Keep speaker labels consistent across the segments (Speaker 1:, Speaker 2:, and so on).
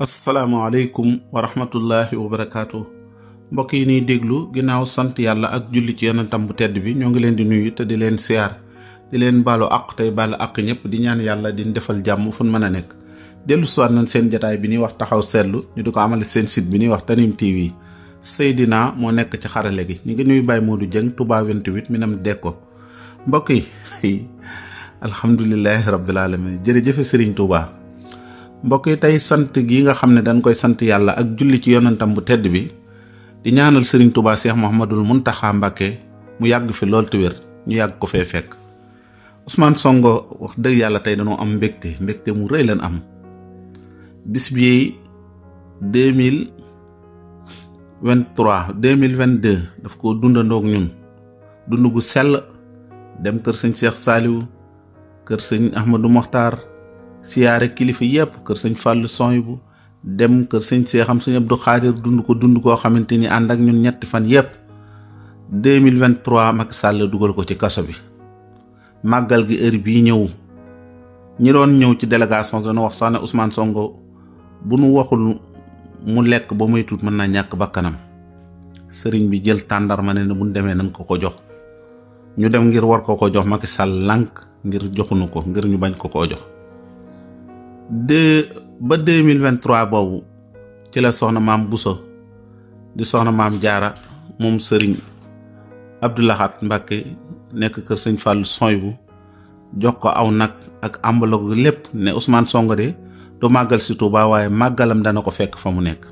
Speaker 1: asalaamaaleykum wa rahmatullahi wa barakaatu mbokk yi ñuy déglu ginnaaw sant yàlla ak julli ci yonentam bu tedd bi ñoo ngi leen di nuyu te di leen siyaar di leen baalu àq tey baalu àq ñëpp di ñaan yàlla di defal jàmm fu mën a nekk. dellu siwaat nañ seen jataay bi ñuy wax taxaw seetlu ñu di ko amale seen site bi ñuy wax yi TV Seydina moo nekk ci xarale gi ñu ngi nuyu moo Modou Dieng tubaa 28 mi nam deg ko mbokk yi alhamdulilahi rabbil alamin jërëjëfe Serigne Touba. mbokk yi tey sant gi nga xam ne dañ koy sant yàlla ak julli ci yonentam bu tedd bi di ñaanal sëriñ tubaa seex muhammadul muntaxa mbàkke mu yàgg fi lool te ñu yàgg ko fee fekk usmaan Sonko wax dëgg yàlla tey dañoo am mbégte mbégte mu rëy leen am bis bi deux mille vingt trois deux mille vingt deux daf ko dundandoog ñun dund gu sell dem kër sëñ Cheikh Saliou kër sëñ Ahmadou Mokhtar siyaare kilifa yépp kër sëñ fàll sony bu dem kër sëñ seexam sëñ Abdu Xaadir dund ko dund koo xamante ni ànd ak ñun ñetti fan yépp 2023 Macky Sall dugal ko ci kaso bi màggal gi heure bii ñëw ñi doon ñëw ci délégation dana wax sax ne Ousmane Sonko bu nu waxul mu lekk ba muy tuut mën naa ñàkk bakkanam sëriñ bi jël tàndarma ne ne bu ñu demee nañ ko ko jox ñu dem ngir war ko ko jox Macky Sall lànk ngir joxunu ko ngir ñu bañ ko ko jox ba deux mille vingt trois boobu ci la soxna maam Bousso di soxna maam jaara moom sëriñ Abdou Lahad nekk kër sëñ Fallou sooy bu jox ko aw nag ak ambaloog lépp ne Ousmane Songare du màggal si Touba waaye màggalam dana ko fekk fa mu nekk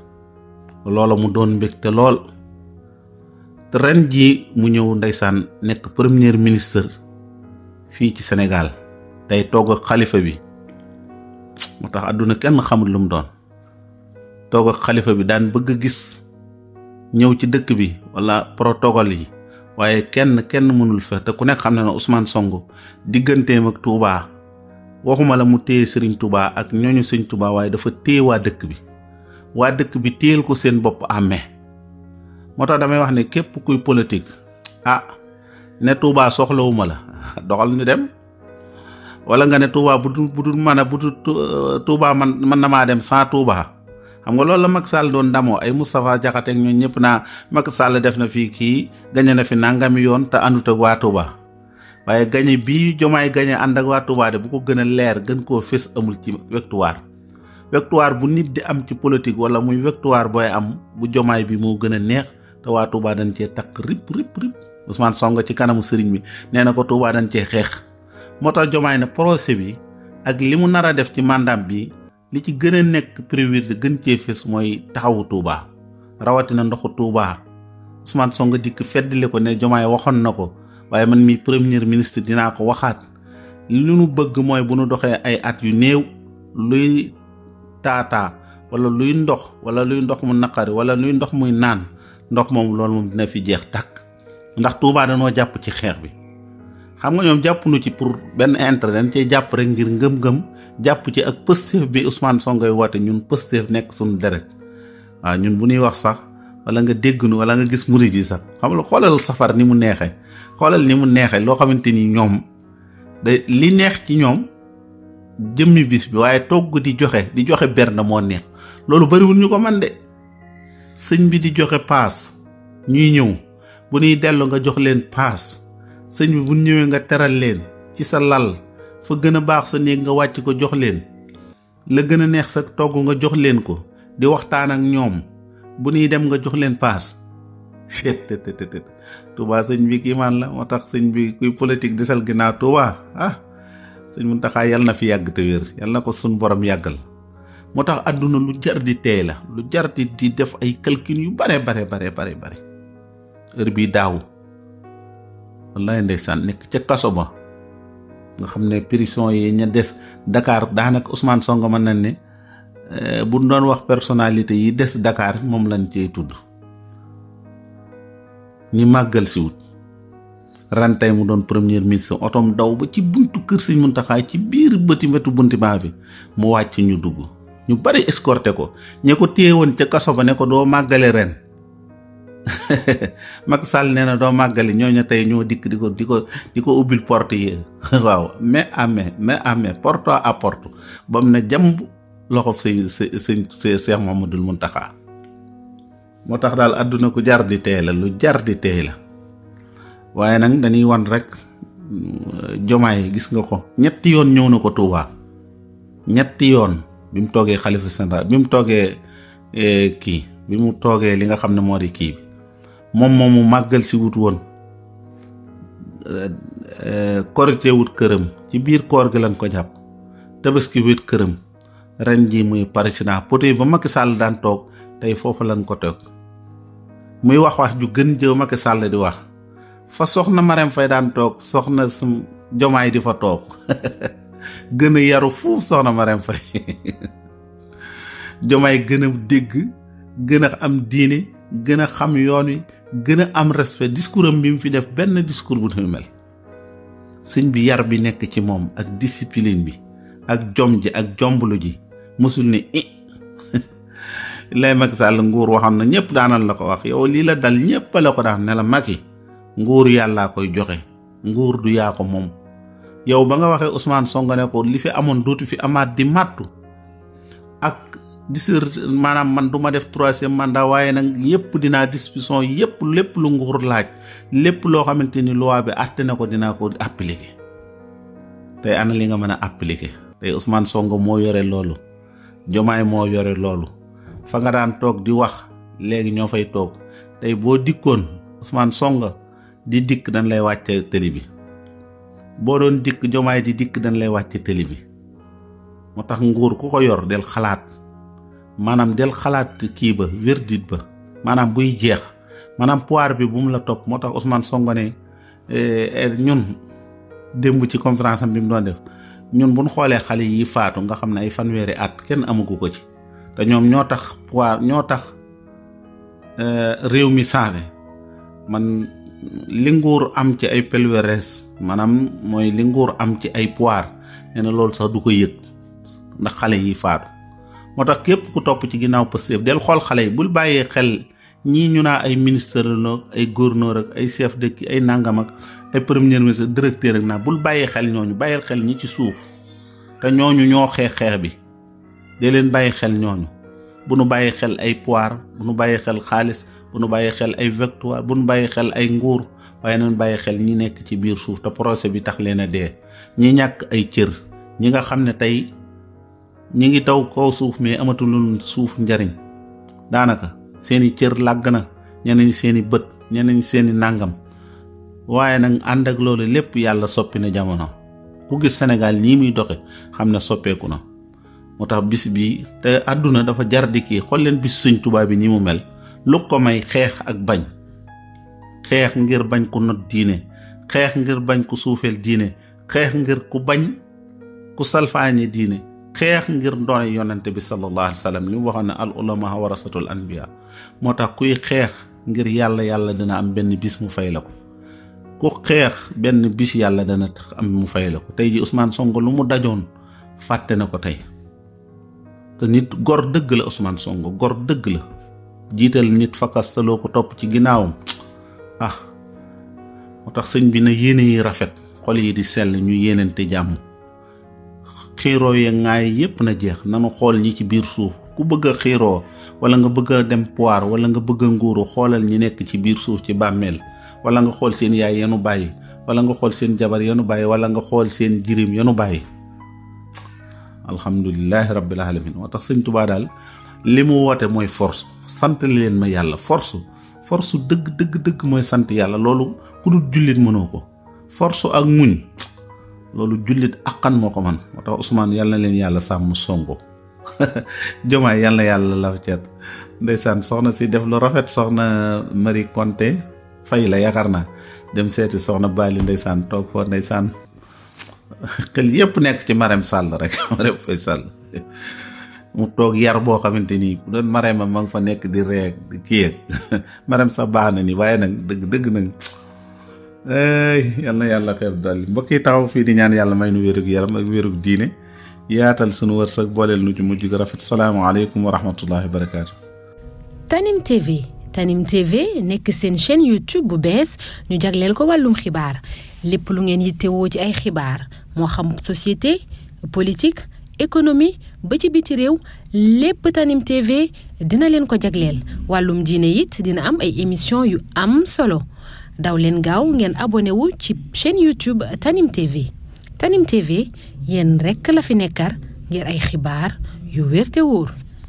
Speaker 1: loola mu doon te lool te ren jii mu ñëw ndeysaan nekk premier ministre fii ci Sénégal tey togg xalifa bi moo tax àdduna kenn xamul lu mu doon toog xalifa bi daan bëgg a gis ñëw ci dëkk bi wala protocole yi waaye kenn kenn mënul fex te ku nekk xam ne ne Ousmane Sonko digganteem ak tuubaa waxuma la mu téye sëriñ Touba ak ñooñu sëñ Touba waaye dafa téye waa dëkk bi waa dëkk bi téyel ko seen bopp amee moo tax damay wax ne képp kuy politique ah ne tuubaa soxlawuma la doxal nu dem wala nga ne Touba bu du bu dul mën bu dul euh, Touba man mën na maa dem sans Touba xam nga loolu la Macky Sall doon damoo ay Moustapha Diakhaté ak ñëpp naa Macky Sall def na fii kii gañe na fi nangami yoon te àndut ak waa Touba waaye gañe bii jomaay gañe ànd ak waa Touba de bu ko gën a leer gën koo fés amul ci victoire victoire bu nit di am ci politique wala muy victoire booy am bu jomaay bi moo gën a neex te waa Touba dañ cee takk rip rip rip Ousmane Sonko ci kanamu sëriñ bi nee na ko tuubaa dañ cee xeex. moo tax jomaay na procès bi ak li mu nar a def ci mandaam bi li ci gën a nekk priorité gën cee fés mooy taxawu Touba rawatina ndoxu Touba Ousmane Sonko dikk feddali ko ne jomaay waxoon na ko waaye man mi premier ministre dina ko waxaat li nu bëgg mooy bu nu doxee ay at yu néew luy taataa wala luy ndox wala luy ndox mu naqari wala luy ndox muy naan ndox moom loolu moom dina fi jeex tàkk ndax Touba danoo jàpp ci xeex bi xam nga ñoom jàppunu ci pour benn intérêt dañ cee jàpp rek ngir ngëm-ngëm jàpp ci ak Pastef bi Ousmane ngay woote ñun Pastef nekk suñu deret waaw ñun bu ñuy wax sax wala nga dégg nu wala nga gis murid yi sax xam nga xoolal safar ni mu neexee xoolal ni mu neexee loo xamante ni ñoom day li neex ci ñoom jëmmi bis bi waaye togg di joxe di joxe berne moo neex loolu bariwul ñu ko man de sëñ bi di joxe paas ñuy ñëw bu ñuy dellu nga jox leen paas. sëñ bi bu ñëwee nga teral leen ci sa lal fa gën a baax sa néeg nga wàcc ko jox leen la gën a neex sa togg nga jox leen ko di waxtaan ak ñoom bu nuy dem nga jox leen paas tt Touba sëñ bi kii la moo tax sëñ bi kuy politique desal ginnaaw Touba ah sëñ Muntaxa yàlla na fi yàgg te wér yàlla na ko suñ borom yàggal moo tax àdduna lu jar di teey la lu jar di di def ay calcul yu bare bare bare bare bare heure bii daaw wallaay ndeysaan nekk ca kaso ba nga xam ne prison yi ña des dakaar daanaka Ousmane Sonko mën nañ ne eh, bu doon wax personnalité yi des dakaar moom lañ cey tudd ñi màggal si wut ren tey mu doon première ministre otom daw ba ci buntu kër Sëñ muntaxaay ci biir bëti wetu bunti baa bi mu wàcc ñu dugg ñu bari escorté ko ñe ko téye woon ca kaso ba ne ko doo màggale ren Macky Sall nee na doo màggali ñooñu tey ñoo dikk di ko di ko di ko ubbil port yi waaw mais amee mais amee porte aport porte ba mu ne jàmb loxo sëñ sëñ sëñ Cheikh Mouhamadoul Mountakha moo tax daal àdduna ku jar di tey la lu jar di tey la waaye nag dañuy wan rek euh, jomaay gis nga ko ñetti yoon ñëw na ko Touba ñetti yoon bi mu toogee xalifa général bi mu toogee euh, kii bi mu toogee li nga xam ne moo di kii moom moom mu màggal si wut woon korite wut këram ci biir koor gi lañ ko jàpp tabaski wut këram ren ji muy président poto yi ba Macky Sall daan toog tey foofu lañ ko toog muy wax wax ju gën jëw Macky sàll di wax fa soxna Marème fay daan toog soxna Jomaay di fa toog gën a yaru fuuf soxna Marème Faye Jomaay gën a dégg gën a am diine gën a xam yoon wi gën a am respect discours bi mu fi def benn diskuur bu nu mel sëñ bi yar bi nekk ci moom ak discipline bi ak jom ji ak jombulu ji mësul ne i eh, lay Macky Sall nguur waxoon na ñëpp daanal la ko wax yow lii la dal ñëpp la ko daan ne la Macky nguur yàllaa koy joxe nguur du yaa ko moom yow ba nga waxee Ousmane Sonko ne ko li fi amoon dootu fi amaat di màttu ak diseur maanaam man du ma def troisième mandat waaye nag yëpp dinaa disposition yëpp lépp lu nguur laaj lépp loo xamante ni loi bi àtte na ko dinaa ko appliquer tey ana li nga mën a appliquer tey Ousmane Sonko moo yore loolu Jomaay moo yore loolu fa nga daan toog di wax léegi ñoo fay toog tey boo dikkoon Ousmane Sonko di dikk dañ lay wàcce tëli bi boo doon dikk Jomaay di dikk dañ lay wàcce tëli bi moo tax nguur ku ko yor del xalaat maanaam del xalaat kii ba wérdit ba maanaam buy jeex maanaam pouvoir bi bu mu la topp moo tax Ousmane Sonko ne eh, eh, ñun démb ci conférence am bi mu doon def ñun bu ñu xoolee xale yi faatu nga xam ne ay fanweeri at kenn amagu ko ci te ñoom ñoo tax pouvoir ñoo tax eh, réew mi changé man li nguur am ci ay palmarès maanaam mooy li am ci ay pouvoir nee na loolu sax du ko yëg ndax xale yi faatu. moo tax képp ku topp ci ginnaaw Pastef del xool xale yi bul bàyyee xel ñii ñu naa ay ministre noog ay gouverneur ak ay chef dëkk ay nangam ak ay premier ministre directeur ak naa bul bàyyee xel ñooñu bàyyil xel ñi ci suuf te ñooñu ñoo xeex xeex bi dee leen bàyyi xel ñooñu bu nu bàyyi xel ay pouvoir bu nu bàyyi xel xaalis bu nu bàyyi xel ay victoire bu nu bàyyi xel ay nguur waaye nañ bàyyi xel ñi nekk ci biir suuf te procès bi tax leen a dee ñi ñàkk ay cër ñi nga xam ne tey ñi ngi taw kaw suuf mais amatulun suuf njariñ daanaka seeni cër làgg na ñeneen seeni bët ñeneen seeni nàngam waaye nag ànd ak loolu lépp yàlla soppi na jamono ku gis senegal nii muy doxe xam ne soppeeku na moo tax bis bi te àdduna dafa jar di kii xool leen bis suñ tubaab bi nii mu mel lu ko may xeex ak bañ xeex ngir bañ ku not diine xeex ngir bañ ku suufeel diine xeex ngir ku bañ ku salfaañe diine xeex ngir ndoone yonent bi sallallahu alayhi wa sallam li mu waxoon ne al ulama warasatul anbiya moo tax kuy xeex ngir yàlla yàlla dana am benn bis mu fay la ko ku xeex benn bis yàlla dana tax am mu fay la ko tey ji Ousmane Sonko lu mu dajoon fàtte na ko tey te nit gor dëgg la Ousmane Sonko gor dëgg la jiital nit fakastaloo ko topp ci ginnaawam ah moo tax sëñ bi na yéene yi rafet xol yi di sell ñu yéenante jàmm xiiroo ya ŋaay yépp na jeex nanu xool ñi ci biir suuf ku bëgg a xiiroo wala nga bëgg dem pouvoir wala nga bëgg a nguuru xoolal ñi nekk ci biir suuf ci bàmmeel wala nga xool seen yaay yanu bàyyi wala nga xool seen jabar yanu bàyyi wala nga xool seen jirim yanu bàyyi alhamdulilahi rabbil alamin moo tax sëñ tubaa daal li mu woote mooy fors sant leen ma yàlla force force dëgg dëgg dëgg mooy sant yàlla loolu ku dul jullit mënoo ko force ak muñ loolu jullit aqan moo ko man moo tax Ousmane yàlla na leen yàlla sàmm songo jomaay yàlla yàlla la ceet ndeysaan soxna si def lu rafet soxna Marie Conté fay la yaakaar naa dem seeti soxna Bali ndeysaan toog foo ndeysaan xel yépp nekk ci Marème sàll rek Marème Faye Sall mu toog yar boo xamante ni bu doon Marème ma ngi fa nekk di reeg di kii yeeg Marème sax baax na ni waaye nag dëgg dëgg nag yal na yàlla xeeb dolli mbokk yi taxaw fii di ñaan yàlla may nu wérug yaram ak wérug diine yaatal sunu wërsëg booleel nu ci mujj gu rafet salaamaaleykum wa rahmatullahi wa barakaatu.
Speaker 2: Tanim TV Tanim TV nekk seen chaîne YouTube bu bees ñu jagleel ko wàllum xibaar lépp lu ngeen yittewoo ci ay xibaar moo xam société politique économie ba ci biti réew lépp Tanim TV dina leen ko jagleel wàllum diine it dina am ay émission yu am solo. daw leen gaaw ngeen abonné wu ci chaîne YouTube Tanim TV Tanim TV rekk la fi nekkar ngir ay xibaar yu wér te wóor